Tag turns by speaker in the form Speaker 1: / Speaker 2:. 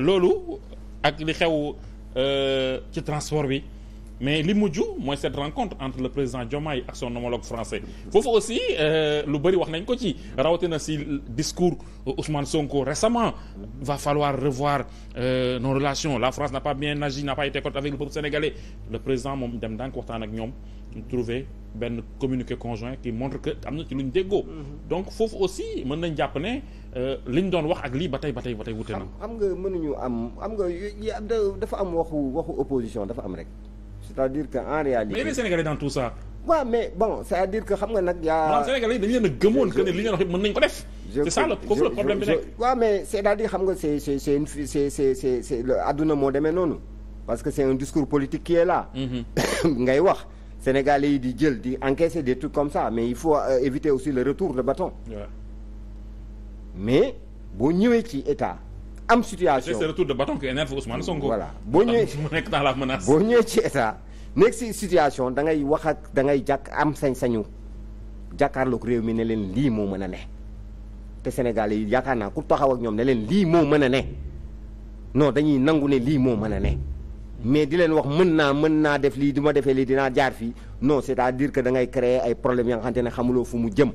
Speaker 1: loolu ak li xew euh, ci transport bi mais li mujj mooy cette rencontre entre le président Diomaye ak son homologue français foofu aussi euh, lu bëri wax nañ ko ci rawatina si discours Ousmane Sonko récemment va falloir revoir euh, nos relations la France n'a pas bien agi n'a pas été correcte avec le peuple sénégalais le président moom dem daan ko waxtaan ak ñoom trouver benn communiqué conjoint qui montre que am na ci lu ñu déggoo. donc foofu aussi mën nañ jàpp ne euh, li ñu doon wax ak lii ba tey ba tey ba tey wute na.
Speaker 2: xam nga nañu am xam nga dafa am waxu waxu opposition dafa am rek c'est-à-dire que en
Speaker 1: réalité. mais les Sénégalais dans tout ça.
Speaker 2: waaw mais bon c'est-à-dire que xam nga nag. yaa maanaam Sénégalais dañu
Speaker 1: leen a gëmoon que ne li ngeen wax mën nañ ko def. c'est ça le foofu le problème bi nekk.
Speaker 2: waaw mais c'est-à-dire xam nga c'est c'est c'est une c'est c'est c'est moo demee noonu parce que c'est un discours politique qui est là. Mm-hmm. ngay wax. Sénégalais yi di jël di encaisser des trucs comme ça mais il faut euh, éviter aussi le retour de bâton mais boo ñëwee ci état am situation c'est
Speaker 1: retour de bâton qui énerve Sonko voilà boo ñëwee mu nekk dans la menace boo ñëwee ci état nekk si
Speaker 2: situation da ngay wax ak da ngay jàkk am sañ-sañu jàkkaarloog réew mi ne leen lii moo mën a ne te sénégale yi yaakaar naa ku taxaw ak ñoom ne leen lii moo mën a ne non dañuy nangu ne lii moo mën a ne mais di leen wax mën naa mën naa def lii du ma defee lii dinaa jaar fii non c'est-à-dire que da ngay créer ay problèmes ya nga xamuloo fu mu jëm